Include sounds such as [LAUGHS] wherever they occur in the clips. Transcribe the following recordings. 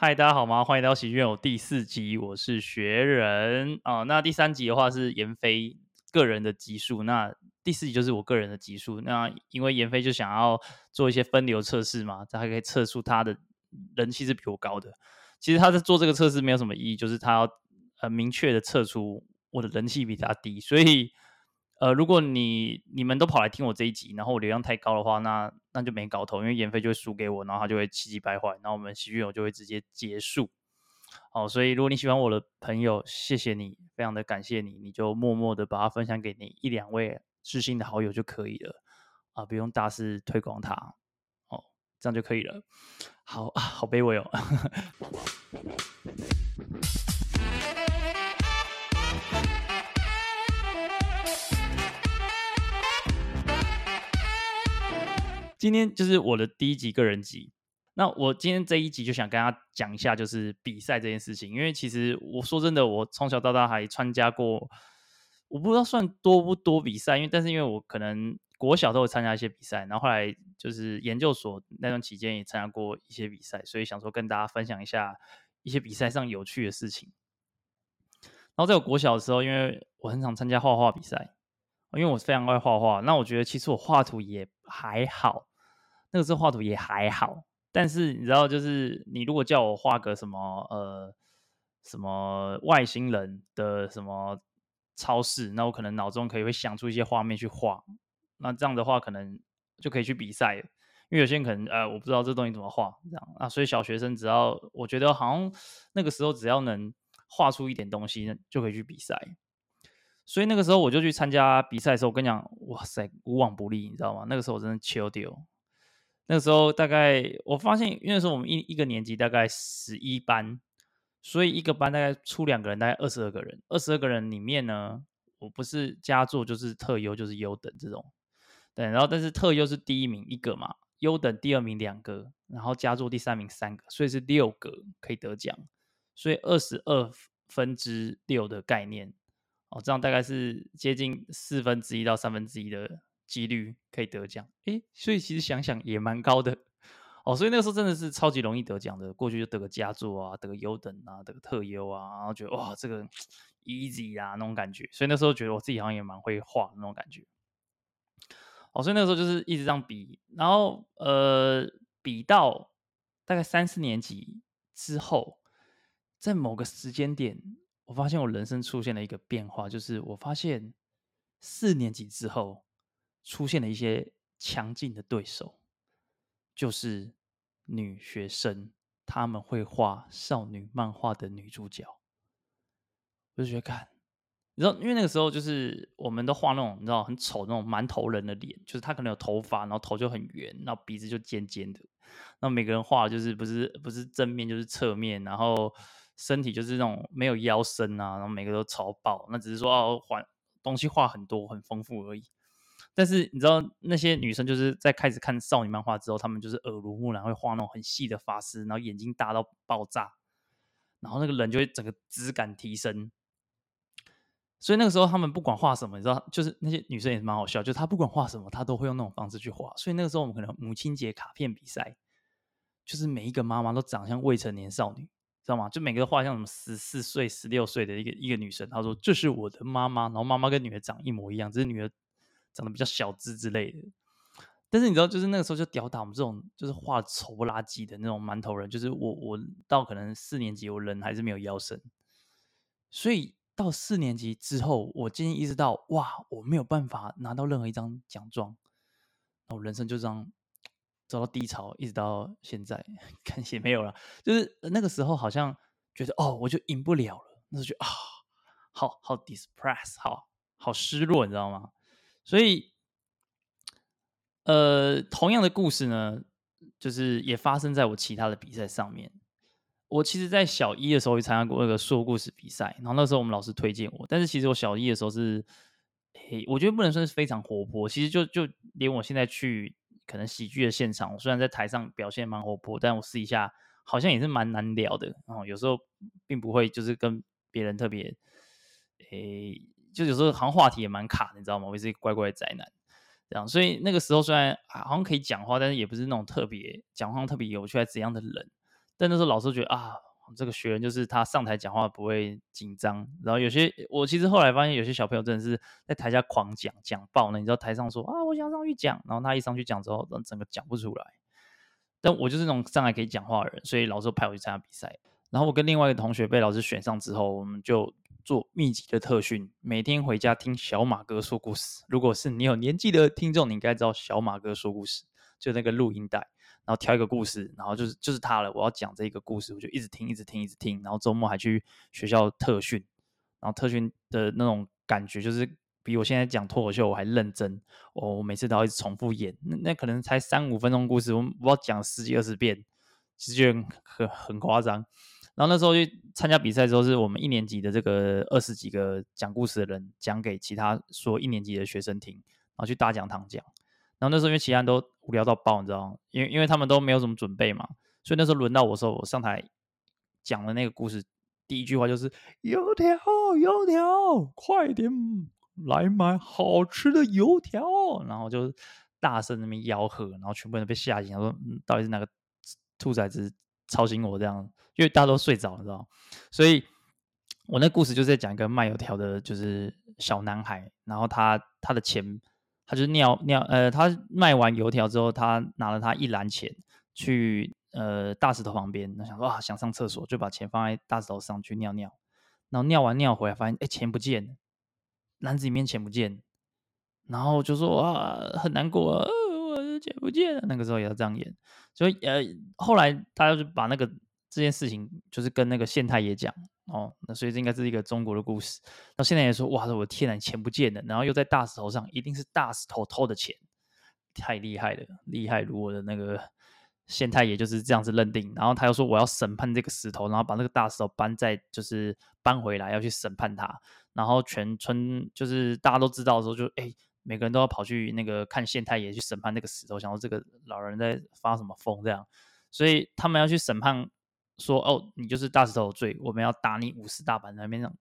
嗨，大家好嗎？歡迎來到《喜劇院我第四集》，我是學仁啊、呃。那第三集的話是嚴飛個人的集數，那第四集就是我個人的集數。那因為嚴飛就想要做一些分流測試嘛，他還可以測出他的人氣是比我高的。其實他在做這個測試沒有什麼意義，就是他要很明確的測出我的人氣比他低，所以。呃，如果你你們都跑來聽我這一集，然後我流量太高的話，那那就沒搞頭，因為顏費就會輸給我，然後他就會氣急敗壞，然後我們喜劇友就會直接結束。好，哦，所以如果你喜歡我的朋友，謝謝你，非常的感謝你，你就默默的把它分享給你一兩位知心的好友就可以了啊，不用大肆推廣它，哦，這樣就可以了。好啊，好卑微哦。 [LAUGHS] 今天就是我的第一集個人集，那我今天這一集就想跟大家講一下，就是比賽這件事情。因為其實我說真的，我從小到大還參加過，我不知道算多不多比賽，因為但是因為我可能國小都有參加一些比賽，然後後來就是研究所那段期間也參加過一些比賽，所以想說跟大家分享一下一些比賽上有趣的事情。然後在我國小的時候，因為我很常參加畫畫比賽，因為我非常愛畫畫，那我覺得其實我畫圖也還好。那個時候畫圖也還好，但是你知道，就是你如果叫我畫個什麼呃什麼外星人的什麼超市，那我可能腦中可以會想出一些畫面去畫。那這樣的話，可能就可以去比賽，因為有些人可能呃我不知道這東西怎麼畫這樣啊，那所以小學生只要我覺得好像那個時候只要能畫出一點東西，那就可以去比賽。所以那個時候我就去參加比賽的時候，我跟你講，哇塞，無往不利，你知道嗎？那個時候我真的超屌。那時候大概我發現，因為那時候我們一一個年級大概十一班，所以一個班大概出兩個人，大概二十二個人。二十二個人裡面呢，我不是佳作就是特優就是優等這種，對。然後但是特優是第一名一個嘛，優等第二名兩個，然後佳作第三名三個，所以是六個可以得獎，所以二十二分之六的概念，哦，這樣大概是接近四分之一到三分之一的。幾率可以得獎，哎、欸，所以其實想想也蠻高的哦。所以那個時候真的是超級容易得獎的，過去就得個佳作啊，得個優等啊，得個特優啊，然後覺得哇，這個 easy 啊那種感覺。所以那時候覺得我自己好像也蠻會畫那種感覺。哦，所以那時候就是一直這樣比，然後呃，比到大概三四年級之後，在某個時間點，我發現我人生出現了一個變化，就是我發現四年級之後。出現了一些強勁的對手，就是女學生，她們會畫少女漫畫的女主角。我就覺得看，你知道，因為那個時候就是我們都畫那種，你知道很醜那種饅頭人的臉，就是他可能有頭髮，然後頭就很圓，然後鼻子就尖尖的，然後每個人畫的就是不是不是正面就是側面，然後身體就是那種沒有腰身啊，然後每個都超爆，那只是說哦，畫東西畫很多很豐富而已。但是你知道那些女生就是在開始看少女漫畫之後，她們就是耳濡目染，會畫那種很細的髮絲，然後眼睛大到爆炸，然後那個人就會整個質感提升。所以那個時候她們不管畫什麼，你知道，就是那些女生也是蠻好笑，就她不管畫什麼，她都會用那種方式去畫。所以那個時候我們可能母親節卡片比賽，就是每一個媽媽都長相未成年少女，知道嗎？就每個都畫像什麼十四歲、十六歲的一個一個女生。她說：“這是我的媽媽。”然後媽媽跟女兒長一模一樣，只是女兒。長得比較小資之類的，但是你知道，就是那個時候就吊打我們這種就是畫醜不拉幾的那種饅頭人。就是我，我到可能四年級，我人還是沒有腰身，所以到四年級之後，我漸漸意識到，哇，我沒有辦法拿到任何一張獎狀，然後人生就這樣走到低潮，一直到現在，感謝沒有了。就是那個時候，好像覺得哦，我就贏不了了，那時候覺得啊、哦，好好 depressed 好好失落，你知道嗎？所以，呃，同樣的故事呢，就是也發生在我其他的比賽上面。我其實，在小一的時候也參加過那個說故事比賽，然後那時候我們老師推薦我，但是其實我小一的時候是，嘿，我覺得不能算是非常活潑。其實就就連我現在去可能喜劇的現場，我雖然在台上表現蠻活潑，但我試一下，好像也是蠻難聊的。然後有時候並不會就是跟別人特別，誒。就有時候好像話題也蠻卡，你知道嗎？我也是一個乖乖的宅男，這樣，所以那個時候雖然、啊、好像可以講話，但是也不是那種特別講話特別有趣、還怎樣的人。但那時候老師覺得啊，這個學仁就是他上台講話不會緊張。然後有些我其實後來發現，有些小朋友真的是在台下狂講，講爆，你知道台上說啊，我想上去講，然後他一上去講之後，整個講不出來。但我就是那種上來可以講話的人，所以老師派我去參加比賽。然後我跟另外一個同學被老師選上之後，我們就，做密集的特訓，每天回家聽小馬哥說故事。如果是你有年紀的聽眾，你應該知道小馬哥說故事，就那個錄音帶，然後挑一個故事，然後就是就是他了。我要講這個故事，我就一直聽，一直聽，一直聽。然後周末還去學校特訓，然後特訓的那種感覺，就是比我現在講脫口秀我還認真。我每次都要一直重複演，那那可能才三五分鐘故事，我我要講十幾二十遍，其實就很很誇張。然後那時候去參加比賽的時候，是我們一年級的這個二十幾個講故事的人講給其他說一年級的學生聽，然後去大講堂講。然後那時候因為其他人都無聊到爆，你知道嗎？因為因為他們都沒有什麼準備嘛，所以那時候輪到我的時候，我上台講的那個故事，第一句話就是“油條，油條，快點來買好吃的油條”，然後就大聲那邊吆喝，然後全部人都被嚇醒，然後說，嗯，到底是哪個兔崽子。吵醒我這樣，因為大家都睡着了，知道？所以我那故事就是在講一個賣油條的，就是小男孩，然後他他的錢，他就尿尿，呃，他賣完油條之後，他拿了他一籃錢去呃大石頭旁邊，想說啊，想上廁所，就把錢放在大石頭上去尿尿，然後尿完尿回來發現哎，欸，錢不見，籃子裡面錢不見，然後我就說哇，很難過啊。錢不見了，那個時候也要這樣演，所以呃，後來他就把那個這件事情，就是跟那個縣太爺講哦，那所以這應該是一個中國的故事。那縣太爺說：“哇，我天哪，錢不見了！”然後又在大石頭上，一定是大石頭偷的錢，太厲害了，厲害！如我的那個縣太爺就是這樣子認定。然後他又說：“我要審判這個石頭，然後把那個大石頭搬在，就是搬回來，要去審判他。”然後全村就是大家都知道的時候就，就、欸、哎。每個人都要跑去那個看縣太爺去審判那個石頭，想說這個老人在發什麼瘋這樣，所以他們要去審判說哦，你就是大石頭的罪，我們要打你五十大板，在那邊上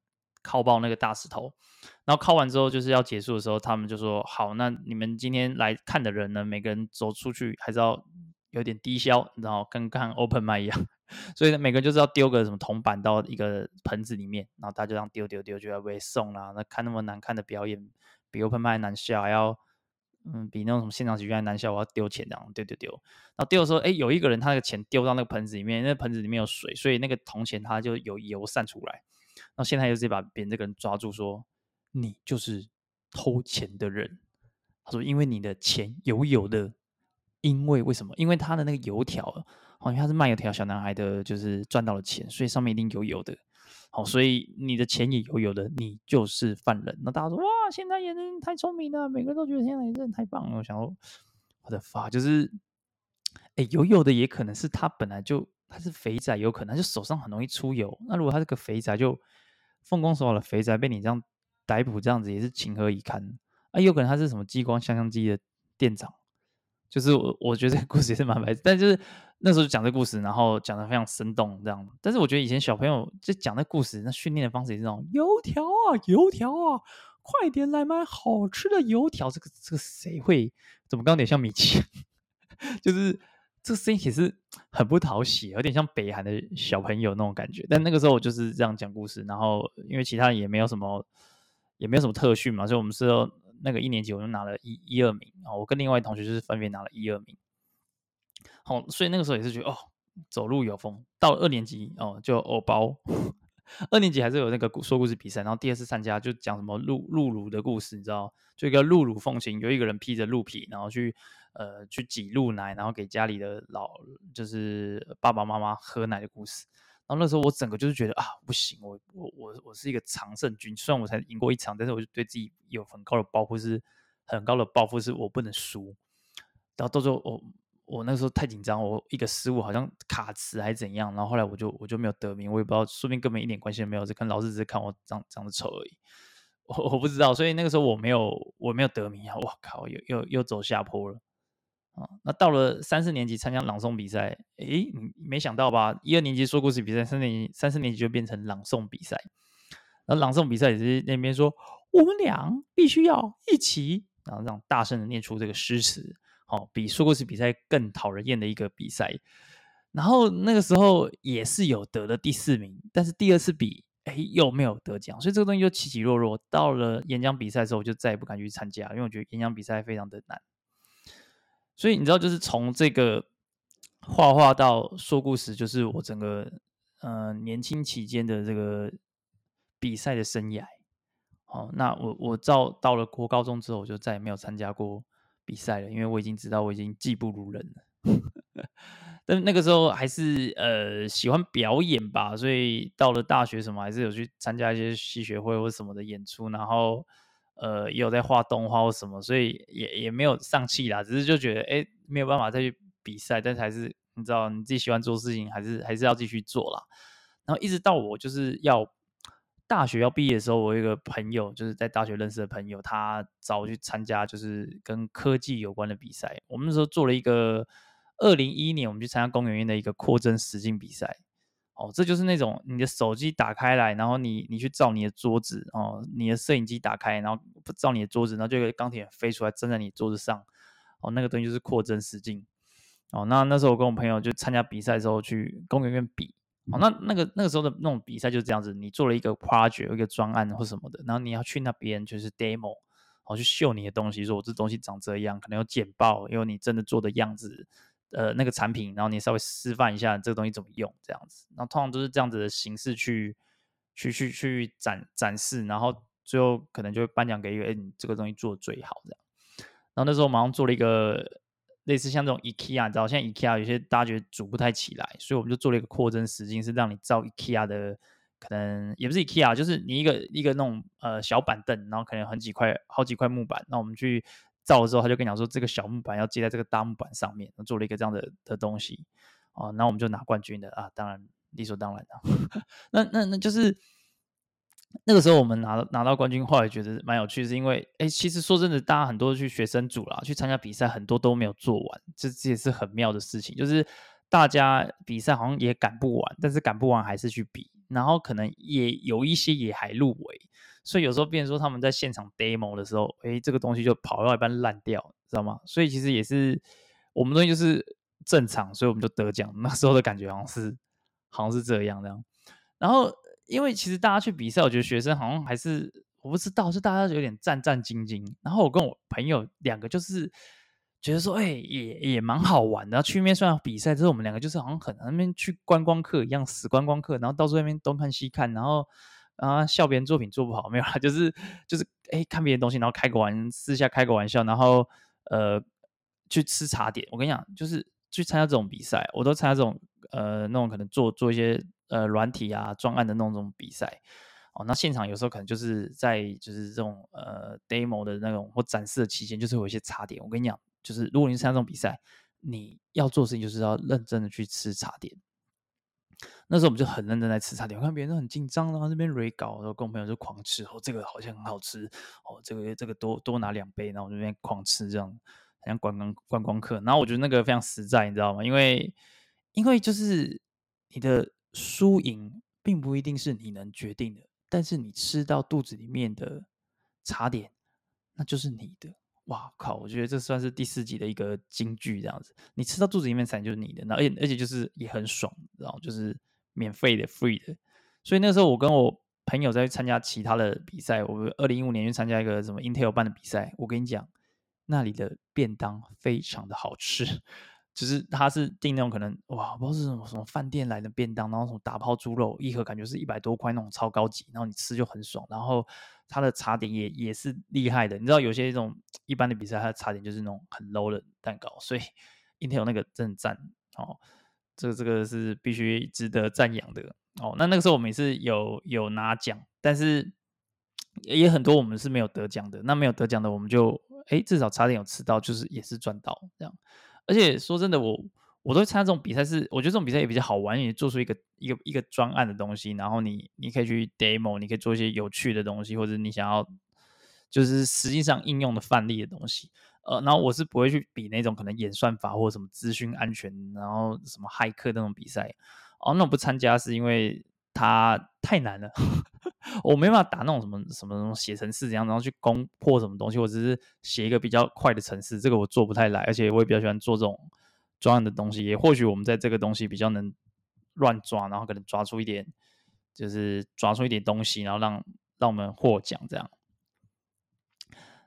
敲爆那個大石頭，然後敲完之後就是要結束的時候，他們就說好，那你們今天來看的人呢，每個人走出去還是要有點低消，然後跟看 open mic 一樣，所以每個人就是要丟個什麼銅板到一個盆子裡面，然後他就這樣丟丢丢，就要被送啦，那看那麼難看的表演。比 Open 麥難笑，還要嗯，比那種什麼現場喜劇還難笑，我要丟錢這樣丟丟丟。然後丟的時候，哎，有一個人他那個錢丟到那個盆子裡面，那個、盆子裡面有水，所以那個銅錢它就有油散出來。然後現在就直接把別人這個人抓住說，說你就是偷錢的人。他說，因為你的錢有油的，因為為什麼？因為他的那個油條，好、哦、像他是賣油條小男孩的，就是賺到了錢，所以上面一定油油的。好，所以你的錢也有有的，你就是犯人。那大家說，哇，現在人太聰明了，每個人都覺得現在人太棒了。我想說，我的發就是，誒、欸，有有的也可能是他本來就他是肥仔，有可能就手上很容易出油。那如果他是個肥仔，就奉公守法的肥仔被你這樣逮捕，這樣子也是情何以堪啊、欸？有可能他是什麼激光相機的店長，就是我我覺得這個故事也是蠻白的，但就是。那時候就講這故事，然後講的非常生動，這樣。但是我覺得以前小朋友就講那故事，那訓練的方式也是那種油條啊，油條啊，快點來買好吃的油條。這個這個誰會？怎麼剛剛有點像米奇？ [LAUGHS] 就是這聲音其實很不討喜，有點像北韓的小朋友那種感覺。但那個時候我就是這樣講故事，然後因為其他也沒有什麼，也沒有什麼特訓嘛，所以我們是說那個一年級，我就拿了一一二名，然後我跟另外一同學就是分別拿了一二名。好、哦，所以那個時候也是覺得哦，走路有風。到了二年級哦，就偶包呵呵。二年級還是有那個說故事比賽，然後第二次參加就講什麼鹿鹿乳的故事，你知道，就一個鹿乳奉親，有一個人披着鹿皮，然後去呃去擠鹿奶，然後給家裡的老就是爸爸媽媽喝奶的故事。然後那時候我整個就是覺得啊，不行，我我我我是一個常勝軍，雖然我才贏過一場，但是我就對自己有很高的包袱，是很高的包袱，是我不能輸。然後到最後我。哦我那時候太緊張，我一個失誤，好像卡詞還是怎樣，然後後來我就我就沒有得名，我也不知道，說不定根本一點關係都沒有，是跟老師只是看我長長得醜而已，我我不知道，所以那個時候我沒有我沒有得名啊，我靠，又又又走下坡了啊！那到了三四年級參加朗誦比賽，哎、欸，沒想到吧？一二年級說故事比賽，三四年級三四年級就變成朗誦比賽，然後朗誦比賽也是那邊說我們倆必須要一起，然後讓大聲的念出這個詩詞。好、哦，比說故事比賽更討人厭的一個比賽，然後那個時候也是有得了第四名，但是第二次比，哎，又沒有得獎，所以這個東西就起起落落。到了演講比賽的時候，我就再也不敢去參加，因為我覺得演講比賽非常的難。所以你知道，就是從這個畫畫到說故事，就是我整個嗯、呃、年輕期間的這個比賽的生涯。哦，那我我到到了國高中之後，我就再也沒有參加過比賽了，因為我已經知道我已經技不如人了。 [LAUGHS] 但那個時候還是呃喜歡表演吧，所以到了大學什麼還是有去參加一些戲學會或什麼的演出，然後呃也有在畫動畫或什麼，所以也也沒有喪氣啦，只是就覺得哎、欸、沒有辦法再去比賽，但是還是你知道你自己喜歡做的事情還是還是要繼續做啦。然後一直到我就是要。大學要畢業的時候，我有一個朋友，就是在大學認識的朋友，他找我去參加，就是跟科技有關的比賽。我們那時候做了一個二零一一年，我們去參加工研院的一個擴增實境比賽。哦，這就是那種你的手機打開來，然後你你去照你的桌子哦，你的攝影機打開，然後照你的桌子，然後就有鋼鐵飛出來站在你桌子上。哦，那個東西就是擴增實境。哦，那那時候我跟我朋友就參加比賽的時候去工研院比。哦，那那個那個時候的那種比賽就是這樣子，你做了一個 project，一個專案或什麼的，然後你要去那邊就是 demo，然後去秀你的東西，說我這東西長這樣，可能有簡報，因為你真的做的樣子，呃，那個產品，然後你稍微示範一下這個東西怎麼用，這樣子，然後通常都是這樣子的形式去去去去展展示，然後最後可能就會頒獎給一個，哎，你這個東西做最好這樣，然後那時候我馬上做了一個。類似像這種 IKEA，你知道，現在 IKEA 有些大家覺得組不太起來，所以我們就做了一個擴增實境，是讓你造 IKEA 的，可能也不是 IKEA，就是你一個一個那種呃小板凳，然後可能很幾塊好幾塊木板，那我們去造的時候，他就跟你講說這個小木板要接在這個大木板上面，做了一個這樣的的東西，啊，然那我們就拿冠軍的啊，當然理所當然的，啊， [LAUGHS] 那那那就是。那個時候我們拿拿到冠軍，後來覺得蠻有趣，是因為誒其實說真的，大家很多去學生組啦，去參加比賽，很多都沒有做完，這這也是很妙的事情。就是大家比賽好像也趕不完，但是趕不完還是去比，然後可能也有一些也還入圍，所以有時候變成說他們在現場 demo 的時候，誒這個東西就跑到一半爛掉，知道嗎？所以其實也是我們東西就是正常，所以我們就得獎。那時候的感覺好像是好像是這樣這樣，然後。因為其實大家去比賽，我覺得學生好像還是我不知道，就大家有點戰戰兢兢。然後我跟我朋友兩個就是覺得說，哎、欸，也也蠻好玩的。然後去那邊算比賽，之後我們兩個就是好像很那邊去觀光客一樣，死觀光客，然後到處那邊東看西看，然後啊笑別人作品做不好，沒有啦，就是就是哎、欸、看別人東西，然後開個玩，私下開個玩笑，然後呃去吃茶點。我跟你講，就是去參加這種比賽，我都參加這種呃那種可能做做一些。呃，軟體啊，專案的那種、那種比賽哦，那現場有時候可能就是在就是這種呃 demo 的那種或展示的期間，就是有一些茶點。我跟你講，就是如果你參加這種比賽，你要做的事情就是要認真的去吃茶點。那時候我們就很認真在吃茶點，我看別人都很緊張啊，然後那邊 re 搞，然後跟我朋友就狂吃哦，這個好像很好吃哦，這個這個多多拿兩杯，然後我就邊狂吃，這樣很像觀光觀光客。然後我覺得那個非常實在，你知道嗎？因為因為就是你的。輸贏並不一定，是你能決定的，但是你吃到肚子裡面的茶點，那就是你的。哇靠！我覺得這算是第四集的一個金句，這樣子，你吃到肚子裡面才就是你的，那而且而且就是也很爽，然後就是免費的 free 的。所以那時候我跟我朋友在參加其他的比賽，我們二零一五年去參加一個什麼 Intel 辦的比賽，我跟你講，那裡的便當非常的好吃。只、就是他是訂那種可能哇，不知道是什麼什麼飯店來的便當，然後什麼打拋豬肉一盒，感覺是一百多塊那種超高級，然後你吃就很爽。然後他的茶點也也是厲害的，你知道有些一種一般的比賽，他的茶點就是那種很 low 的蛋糕，所以 Intel 那個真的讚哦，這個這個是必須值得讚揚的哦。那那個時候我們也是有有拿獎，但是也很多我們是沒有得獎的。那沒有得獎的我們就。哎，至少差點有吃到，就是也是賺到這樣。而且說真的，我我都會參加這種比賽是，是我覺得這種比賽也比較好玩，也做出一個一個一個專案的東西。然後你你可以去 demo，你可以做一些有趣的東西，或者你想要就是實際上應用的範例的東西。呃，然後我是不會去比那種可能演算法或者什麼資訊安全，然後什麼駭客那種比賽。哦，那我不參加是因為它太難了。 [LAUGHS] 我沒辦法打那種什麼什麼什麼寫程式這樣，然後去攻破什麼東西，我只是寫一個比較快的程式，這個我做不太來，而且我也比較喜歡做這種抓樣的東西，也或許我們在這個東西比較能亂抓，然後可能抓出一點，就是抓出一點東西，然後讓讓我們獲獎這樣。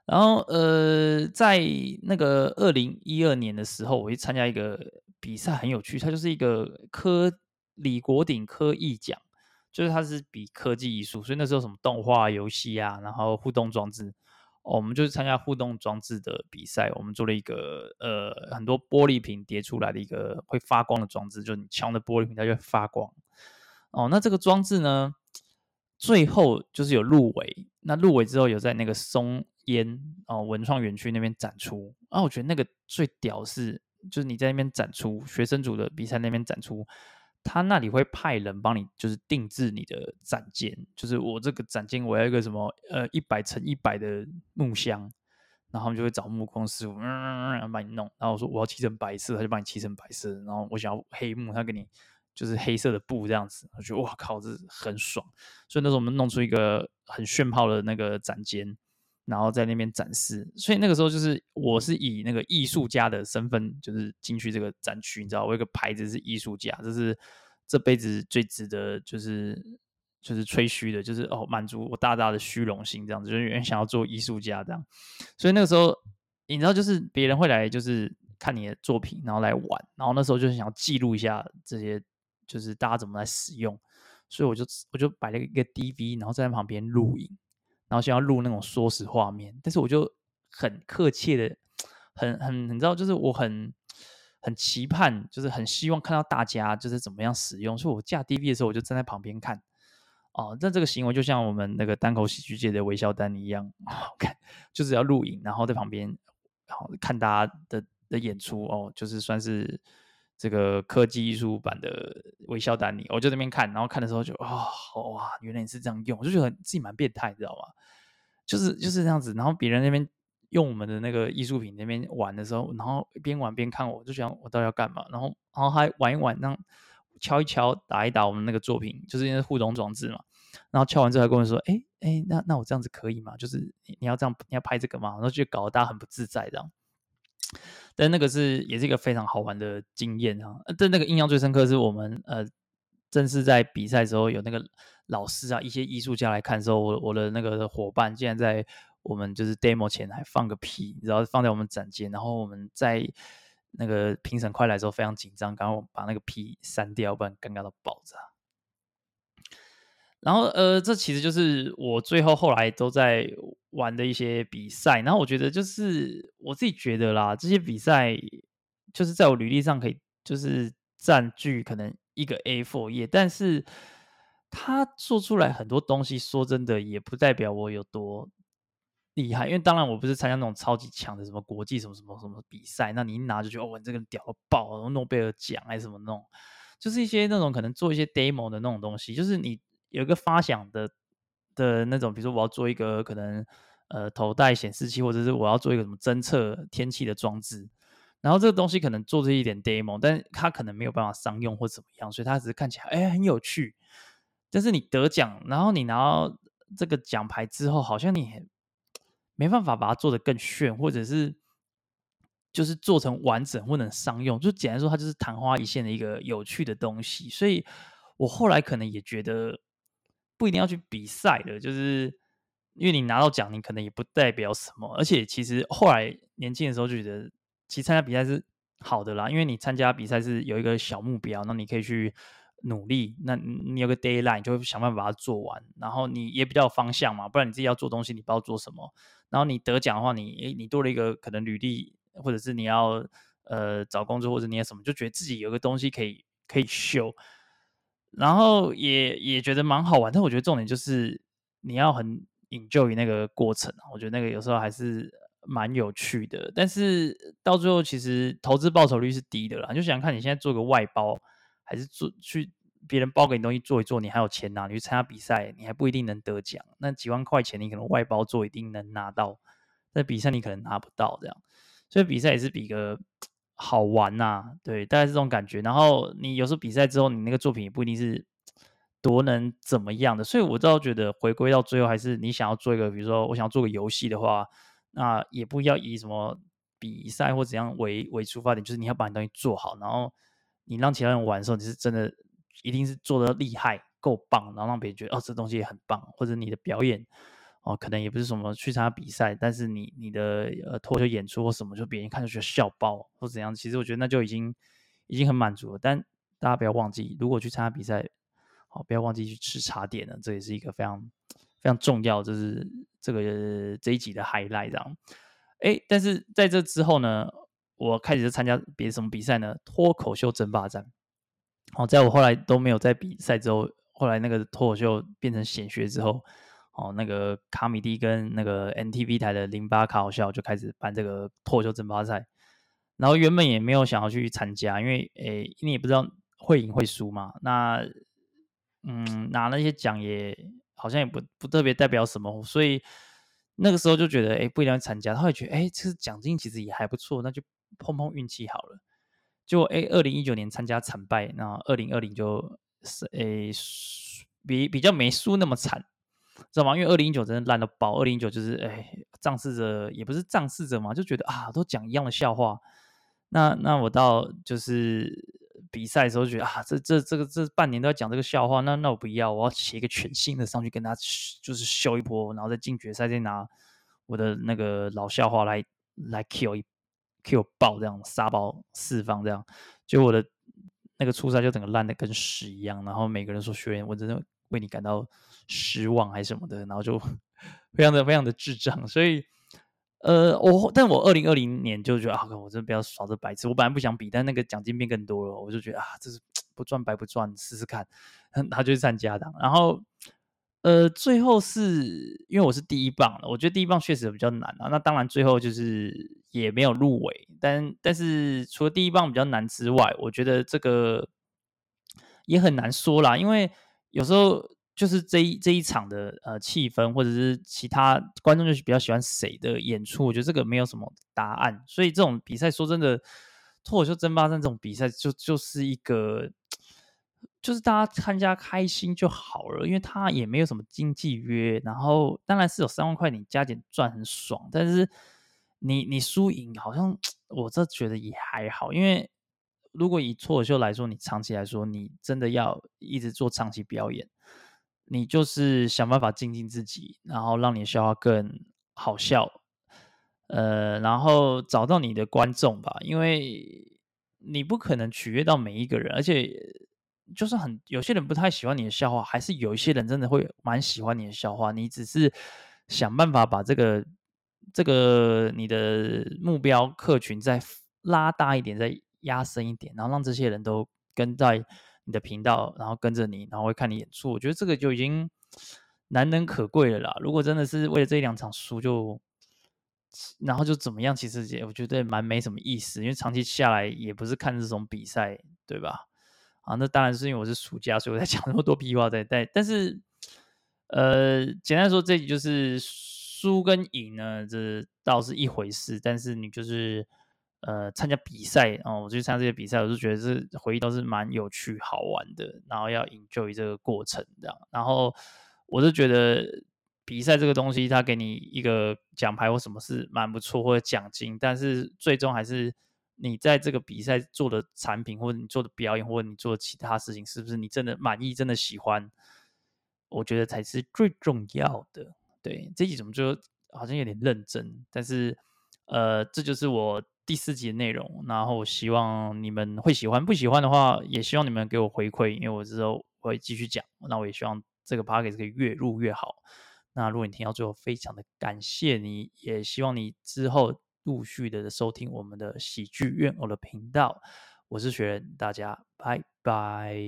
然後呃，在那個二零一二年的時候，我去參加一個比賽，很有趣，它就是一個科李國鼎科藝獎。就是它是比科技藝術，所以那時候什麼動畫、遊戲啊，然後互動裝置，哦、我們就是參加互動裝置的比賽。我們做了一個呃，很多玻璃瓶疊出來的一個會發光的裝置，就是你敲的玻璃瓶它就會發光。哦，那這個裝置呢，最後就是有入圍。那入圍之後有在那個松煙哦文創園區那邊展出。啊，我覺得那個最屌是，就是你在那邊展出，學生組的比賽那邊展出。他那裡會派人幫你，就是定制你的展間，就是我這個展間我要一個什麼呃一百乘一百的木箱，然後他們就會找木工師傅，嗯，幫你弄。然後我說我要漆成白色，他就幫你漆成白色。然後我想要黑幕，他給你就是黑色的布這樣子。我覺得哇靠，這很爽。所以那時候我們弄出一個很炫炮的那個展間。然後在那邊展示，所以那個時候就是我是以那個藝術家的身份，就是進去這個展區，你知道，我有個牌子是藝術家，這是這輩子最值得，就是就是吹噓的，就是哦，滿足我大大的虛榮心這樣子，就是原想要做藝術家這樣。所以那個時候，你知道，就是別人會來，就是看你的作品，然後來玩，然後那時候就是想要記錄一下這些，就是大家怎麼來使用，所以我就我就擺了一個 DV，然後在那旁邊錄影。然後先要錄那種說實畫面，但是我就很客氣的，很很你知道，就是我很很期盼，就是很希望看到大家就是怎麼樣使用。所以我架 DV 的時候，我就站在旁邊看。哦，那這個行為就像我們那個單口喜劇界的微笑丹尼一樣，看、okay, 就是要錄影，然後在旁邊，然後看大家的的演出哦，就是算是。這個科技藝術版的微笑丹尼，我就那邊看，然後看的時候就啊、哦，哇，原來你是這樣用，我就覺得自己蠻變態，你知道嗎？就是就是這樣子，然後別人那邊用我們的那個藝術品那邊玩的時候，然後邊玩邊看我，我就想我到底要幹嘛？然後然後還玩一玩，那敲一敲，打一打我們那個作品，就是因為是互動裝置嘛。然後敲完之後還跟我說，哎、欸、哎、欸，那那我這樣子可以嗎？就是你，你要這樣，你要拍這個嗎？然後就搞得大家很不自在，這樣。但那個是也是一個非常好玩的經驗哈、啊，但那個印象最深刻是我們呃，正式在比賽的時候有那個老師啊，一些藝術家來看的時候，我我的那個夥伴竟然在我們就是 demo 前還放個屁，然後放在我們展間，然後我們在那個評審快來的時候非常緊張，剛剛我把那個屁刪掉，不然尷尬到爆炸。然後呃，這其實就是我最後後來都在玩的一些比賽。然後我覺得就是我自己覺得啦，這些比賽就是在我履歷上可以就是占據可能一個 A four 頁，但是他做出來很多東西，說真的也不代表我有多厲害。因為當然我不是參加那種超級強的什麼國際什麼什麼什麼比賽，那你一拿就覺得，哦，我這個人屌爆了，諾貝爾獎還是什麼那種？就是一些那種可能做一些 demo 的那種東西，就是你。有一個發想的的那種，比如說我要做一個可能呃頭戴顯示器，或者是我要做一個什麼偵測天氣的裝置，然後這個東西可能做這一點 demo，但它可能沒有辦法商用或怎麼樣，所以它只是看起來哎、欸、很有趣。但是你得獎，然後你拿到這個獎牌之後，好像你沒辦法把它做得更炫，或者是就是做成完整或者商用。就簡單說，它就是曇花一現的一個有趣的東西。所以我後來可能也覺得。不一定要去比賽的，就是因為你拿到獎，你可能也不代表什麼。而且其實後來年輕的時候就覺得，其實參加比賽是好的啦，因為你參加比賽是有一個小目標，那你可以去努力，那你有個 deadline 就會想辦法把它做完。然後你也比較有方向嘛，不然你自己要做東西，你不知道做什麼。然後你得獎的話你，你你多了一個可能履歷，或者是你要呃找工作或者你要什麼，就覺得自己有個東西可以可以 show。然後也也覺得蠻好玩，但我覺得重點就是你要很 enjoy 於那個過程。我覺得那個有時候還是蠻有趣的，但是到最後其實投資報酬率是低的啦。就想看你現在做個外包，還是做去別人包給你東西做一做，你還有錢拿，啊？你去參加比賽，你還不一定能得獎。那幾萬塊錢你可能外包做一定能拿到，那比賽你可能拿不到這樣。所以比賽也是比個。好玩吶、啊，對，大概是這種感覺。然後你有時候比賽之後，你那個作品也不一定是多能怎麼樣的。所以我倒覺得回歸到最後，還是你想要做一個，比如說我想要做個遊戲的話，那也不要以什麼比賽或怎樣為為出發點，就是你要把你的東西做好，然後你讓其他人玩的時候，你是真的一定是做得厲害、夠棒，然後讓別人覺得哦，這東西也很棒，或者你的表演。哦，可能也不是什麼去參加比賽，但是你你的呃脫口秀演出或什麼，就別人看上去笑爆或怎樣，其實我覺得那就已經已經很滿足了。但大家不要忘記，如果去參加比賽，好、哦，不要忘記去吃茶點了，這也是一個非常非常重要，這是這個、就是這個這一集的 highlight 這樣。誒、欸，但是在這之後呢，我開始參加別的什麼比賽呢？脫口秀爭霸戰。好、哦，在我後來都沒有在比賽之後，後來那個脫口秀變成顯學之後。哦，那個卡米蒂跟那個 MTV 台的零八卡好笑就開始辦這個脫口秀爭霸賽，然後原本也沒有想要去參加，因為誒，你也不知道會贏會輸嘛。那嗯，拿那些獎也好像也不不特別代表什麼，所以那個時候就覺得誒，不一定要參加。他會覺得誒，其實獎金其實也還不錯，那就碰碰運氣好了。就誒，二零一九年參加慘敗，然後二零二零就誒輸，比比較沒輸那麼慘。知道嗎？因為二零一九真的爛到爆，二零一九就是哎、欸，仗勢者也不是仗勢者嘛，就覺得啊，都講一樣的笑話。那那我到就是比賽的時候就覺得啊，這這這個這半年都要講這個笑話，那那我不要，我要寫一個全新的上去，跟他就是秀一波，然後再進決賽再拿我的那個老笑話來來 kill 一 kill 爆這樣，殺爆四方這樣。就我的那個初賽就整個爛的跟屎一樣，然後每個人說學仁，我真的為你感到失望還是什麼的，然後就非常的非常的智障，所以，呃，我但我二零二零年就覺得啊，我真的不要耍這白痴，我本來不想比，但那個獎金變更多了，我就覺得啊，這是不賺白不賺，試試看，他就是參加的。然後，呃，最後是因為我是第一棒了，我覺得第一棒確實比較難啊。那當然最後就是也沒有入圍，但但是除了第一棒比較難之外，我覺得這個也很難說啦，因為有時候。就是這一這一場的呃氣氛，或者是其他觀眾就是比較喜歡誰的演出，嗯，我覺得這個沒有什麼答案。所以這種比賽，說真的，脫口秀爭霸戰這種比賽就就是一個，就是大家參加開心就好了，因為他也沒有什麼經濟約。然後當然是有三萬塊，你加減賺，賺很爽。但是你你輸贏好像我這覺得也還好，因為如果以脫口秀來說，你長期來說，你真的要一直做長期表演。你就是想辦法精進自己，然後讓你的笑話更好笑，呃，然後找到你的觀眾吧，因為你不可能取悅到每一個人，而且就是很有些人不太喜歡你的笑話，還是有一些人真的會蠻喜歡你的笑話。你只是想辦法把這個這個你的目標客群再拉大一點，再壓深一點，然後讓這些人都跟在。你的頻道，然後跟着你，然後會看你演出，我覺得這個就已經難能可貴了啦。如果真的是為了這一兩場輸就，然後就怎麼樣，其實也我覺得蠻沒什麼意思，因為長期下來也不是看這種比賽，對吧？啊，那當然是因為我是暑假，所以我在講那麼多屁話在帶。但是，呃，簡單說，這就是輸跟贏呢，這倒是一回事，但是你就是。呃，參加比賽哦、嗯，我就參加這些比賽，我就覺得是回憶都是蠻有趣、好玩的。然後要 enjoy 這個過程這樣。然後我是覺得比賽這個東西，它給你一個獎牌或什麼是蠻不錯，或者獎金。但是最終還是你在這個比賽做的產品，或者你做的表演，或者你做其他事情，是不是你真的滿意、真的喜歡？我覺得才是最重要的。對，這集怎麼就好像有點認真，但是呃，這就是我，第四集的內容，然後我希望你們會喜歡。不喜歡的話，也希望你們給我回饋，因為我之後會繼續講。那我也希望這個 podcast 可以越錄越好。那如果你聽到最後，非常的感謝你，也希望你之後陸續的收聽我們的喜劇院偶的頻道。我是學仁，大家拜拜。